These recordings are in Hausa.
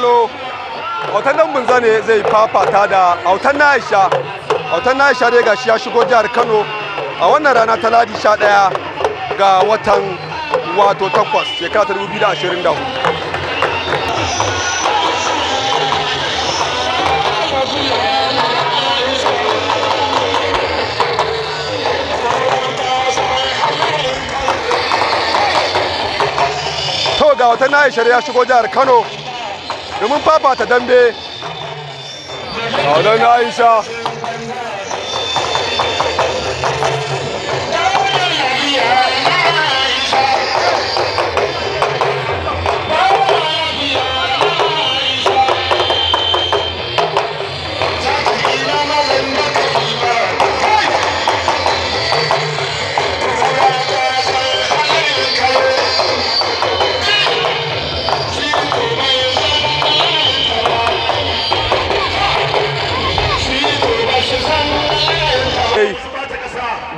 kallo hoton nan mun zane zai fafata da autan na aisha autan na aisha dai gashi ya shigo jihar kano a wannan rana ta ladi 11 ga watan wato takwas shekara ta 2024 to ga watan na aisha ya shigo jihar kano domin fafata dambe a wadon aisha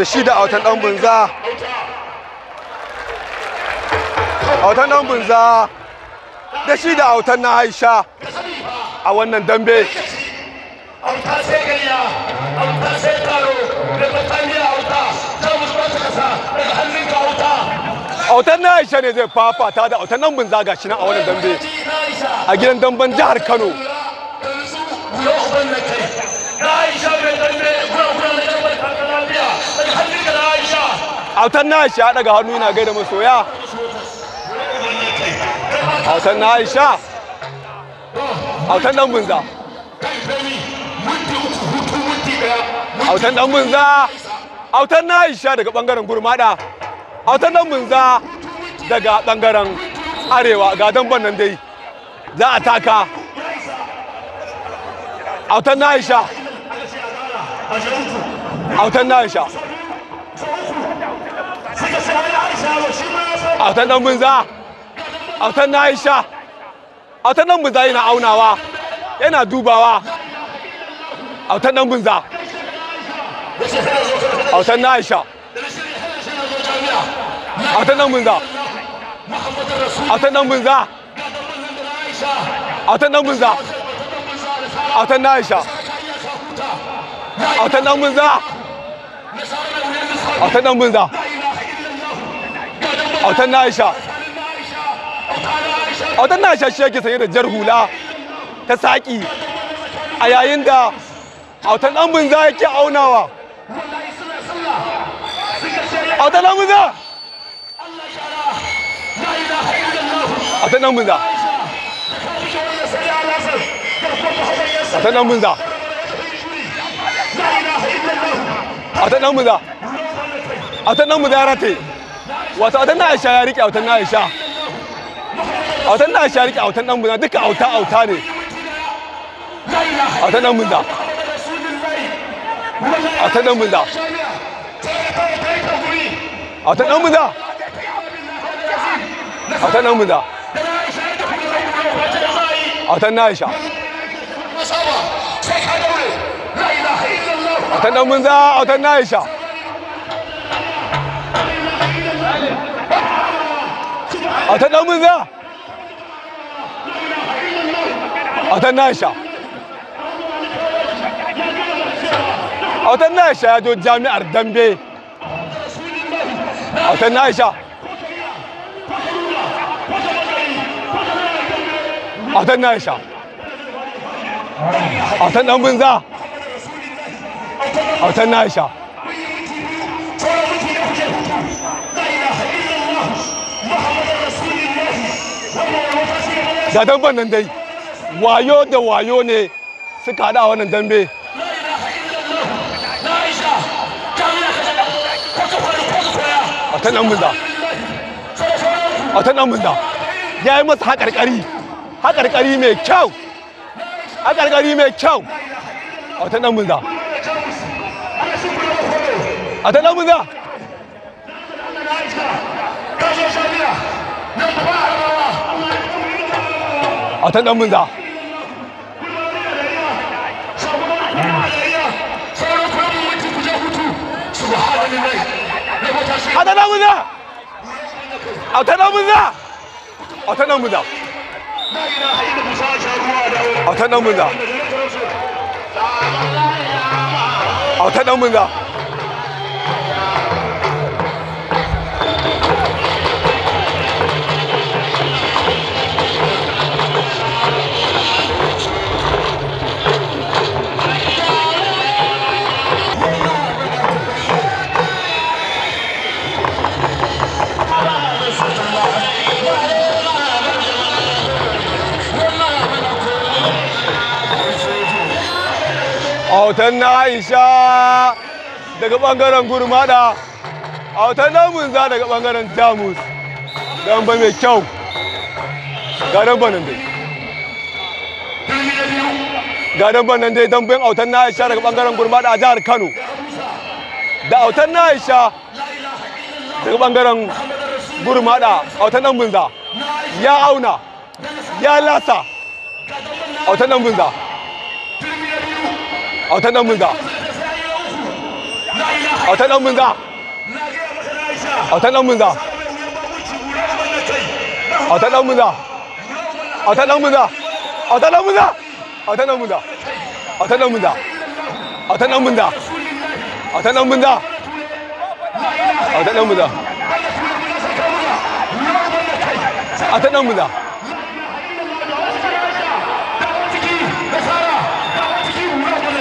da shi da autan dan bunza autan dan bunza da shi da autan na haisha a wannan dambe auta sai gayya auta sai karo da bataliya auta za kasa daga hannun ka auta autan na aisha ne zai fafata da autan dan bunza gashi nan a wannan dambe a gidan damben jihar kano na aisha mai dambe autan na aisha ya daga hannu yana gaida masoya autan na aisha autan dan bunza autan dan bunza autan na aisha daga bangaren gurmada autan dan bunza daga bangaren arewa ga damban nan dai za a taka autan na aisha autan autan dan bunza autan na aisha autan dan bunza yana aunawa yana dubawa autan dan bunza autan na aisha autan dan bunza autan dan bunza autan dan bunza autan na aisha autan dan bunza autan dan bunza autan na aisha autan na shi yake sanye da jar hula ta saƙi a yayin da autan ɗan za yake aunawa autan ɗan bunza autan ɗan bunza autan ɗan bunza autan ɗan bunza autan ɗan bunza ya rataye wato autan na aisha ya rike autan na aisha autan na aisha ya rike autan dan bunza duka auta auta ne autan dan bunza autan dan bunza autan dan bunza autan dan bunza autan na aisha autan dan bunza autan na aisha أتن من ذا أتن ناشا أتن ناشا يا دود جامع الدنبي أتن ناشا أتن ناشا أتن أو من ذا أتن ناشا da damban nan dai wayo da wayo ne suka hada wannan dambe a ta nan munza a ta ya yi masa haƙarƙari haƙarƙari mai kyau haƙarƙari mai kyau a ta nan munza a ta nan munza nan ba a dan munza a dan munza a dan munza a dan munza a dan munza a dan munza autan na aisha daga bangaren gurmada autan na munza daga bangaren jamus don ba mai kyau ganin banan dai ganin banan dai don bin autan na aisha daga bangaren gurmada a jihar kano da autan na aisha daga bangaren gurmada autan na munza ya auna ya lasa autan na munza autan dan munza autan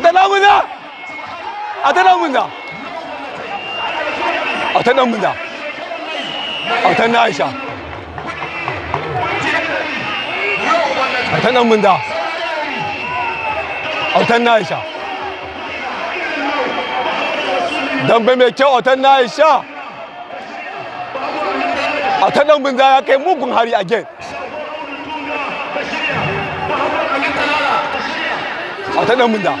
ta nan mun za a ta mun za a na aisha a ta mun za a na aisha dambe mai kyau a ta na aisha mun ya kai mugun hari a ta mun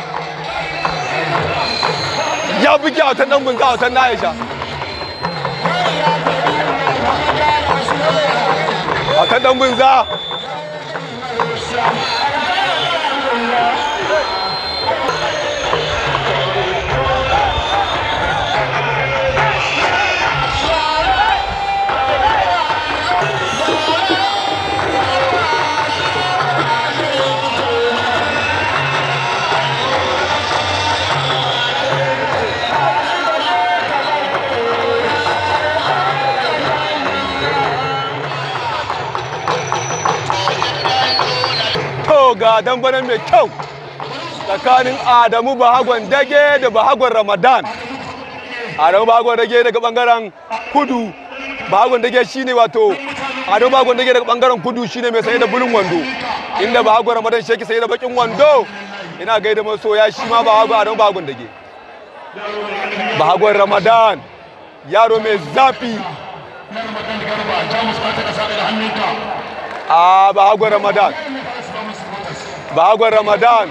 ya bi kyautar Aisha a ga bana mai kyau tsakanin adamu bahagon dage da bahagon ramadan adamu bahagon dage daga bangaren kudu bahagon dage shine wato adamu bahagon dage daga bangaren kudu shine mai saye da bulun wando inda bahagon ramadan sheki saye da bakin wando ina gaida masoya shi ma bahagon adamu bahagon dage bahagon ramadan yaro mai zafi a ah, bahagon ramadan bahagon ramadan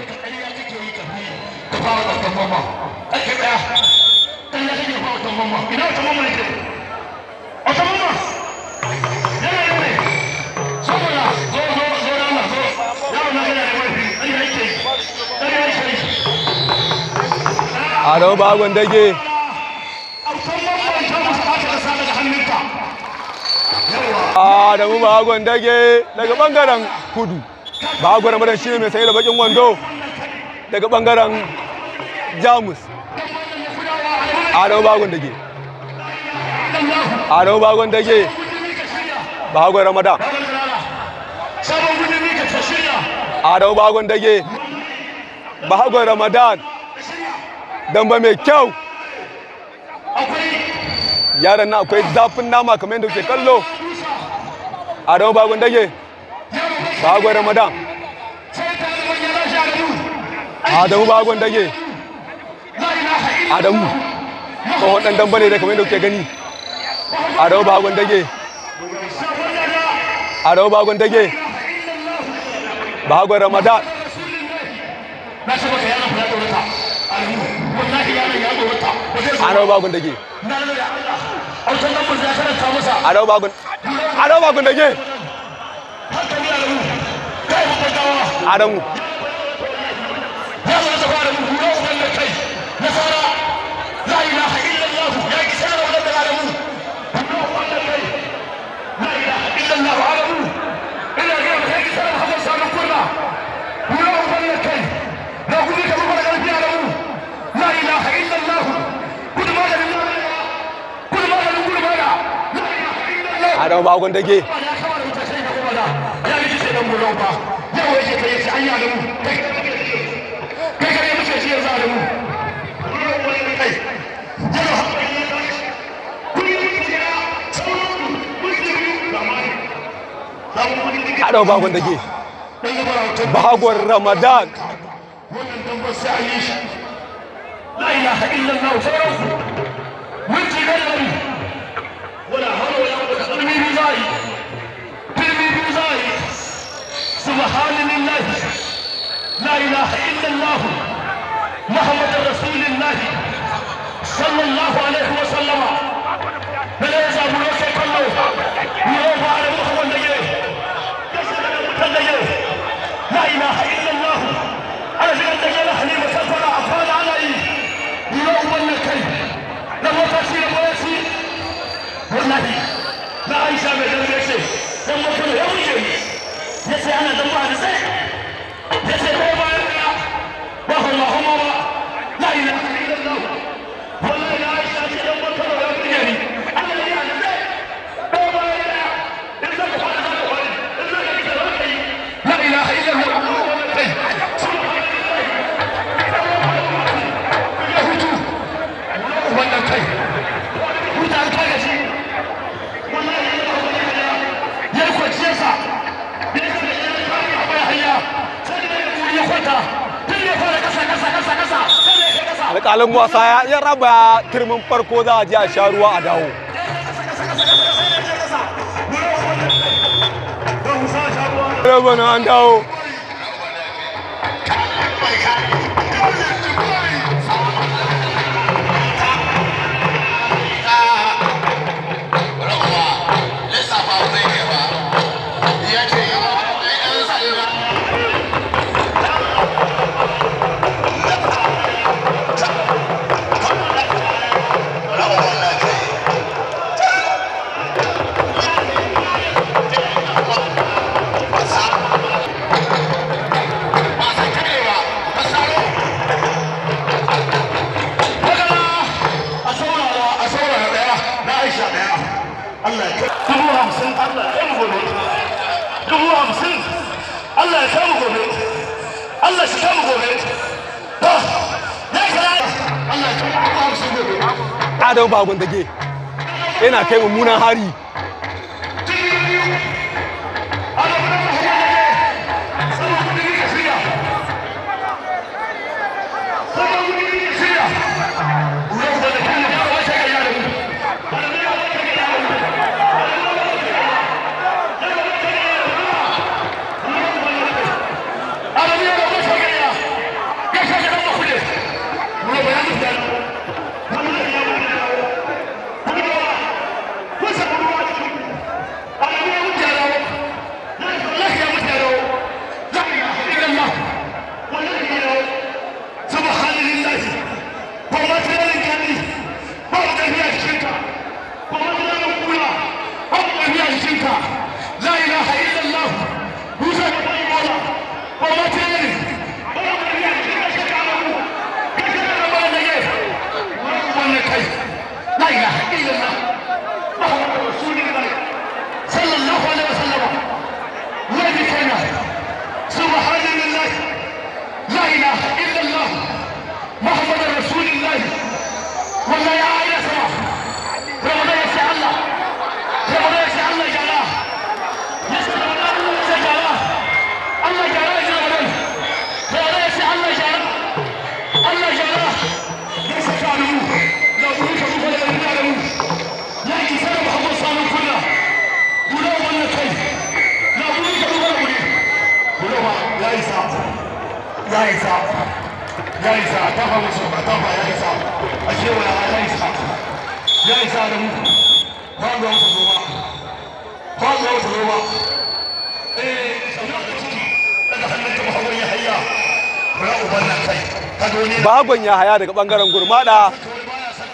a don bagon dage a da mu bagon dage daga bangaren kudu ba gwarmadan shi ne mai sanye da bakin wando daga bangaren jamus adamu bagon dage adamu bagon dage ba gwarmadan adamu bagon dage bahagon don ba mai kyau yaran na akwai zafin nama kamar yadda kuke kallo adamu bagon dage bagon ramadan adamu bagon dage adamu tsohon ɗan dambale da kamar yadda kuke gani adamu bagon dage adamu bagon dage bagon ramadan adamu bagon dage adamu bagon dage Adamu. Adamu bagon dage. yi a damu kai kai kare dake ramadan wannan tambar sai shi la ilaha sai mun wala hawla wala quwwata illa billah سبحان الله لا إله إلا الله محمد رسول الله صلى الله عليه وسلم That's it, I'm not the part of the alƙalin wasa ya raba turmin farko za a je a sha ruwa a dawo Rabana an dawo ba dage yana kai mummunan hari When they Eh, bahagon ya haya daga bangaren gurmada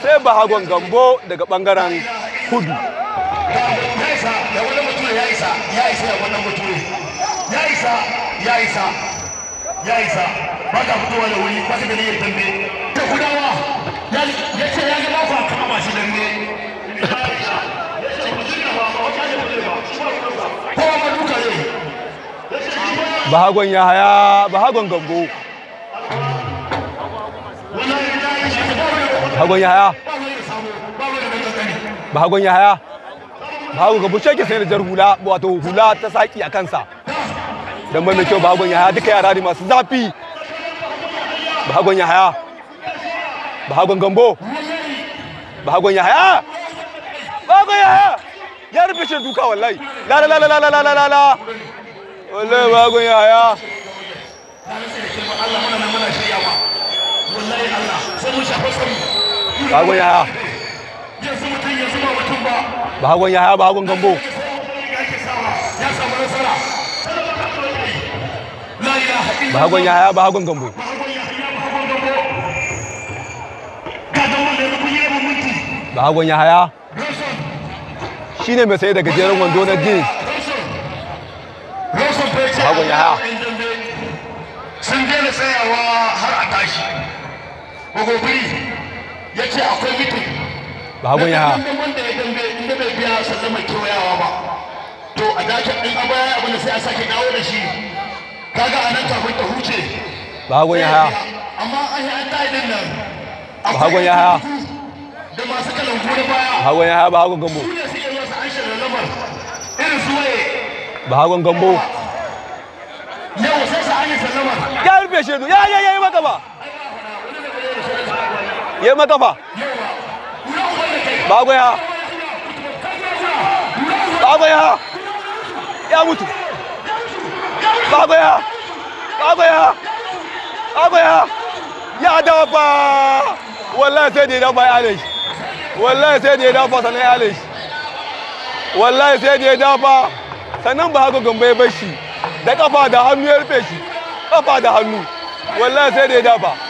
sai bahagon gambo daga bangaren kudu ya isa ba ta fitowa da wuri ba ta da Ya dambe da kudawa ya ce ya ga ba ku a kama shi dambe bahagon ya haya bahagon gambo bahagon ya haya bahagon ya haya bahagon gambo shi ke sai da jar hula wato hula ta saki a kansa don mai kyau bahagon ya haya duka yara ne masu zafi bahagon ya haya bahagon gambo bahagon ya haya bahagon ya haya ya rufe shi duka wallahi la la la la la la la la wallahi bagon yaya bagon yaya bagon yaya bagon gambo bagon yaya bagon gambo bagon yaya shine mai sai daga jerin wando na jeans goyi ha sun da tsayawa har a tashi bagobiri ya ce akwai mitin ba hagun ha wanda ya dambe inda bai biya sannan mai kewayawa ba to a dakin ɗin abin da sai a sake dawo da shi kaga a nan kafin ta huce ba ha amma an yi an nan ba ha da masu kalan gure baya ba hagun ya ha ba hagun gambo su ne suke masa an shirin lamar irin suwaye ba hagun gambo yau sai sa an yi ya rufe ya ya ya yi ya ya mutu ya dafa wallahi ya dafa wallahi ya dafa sannan ya dafa sannan ba haka gamba ya bashi da kafa da hannu ya rufe shi kafa da hannu wallahi sai da ya dafa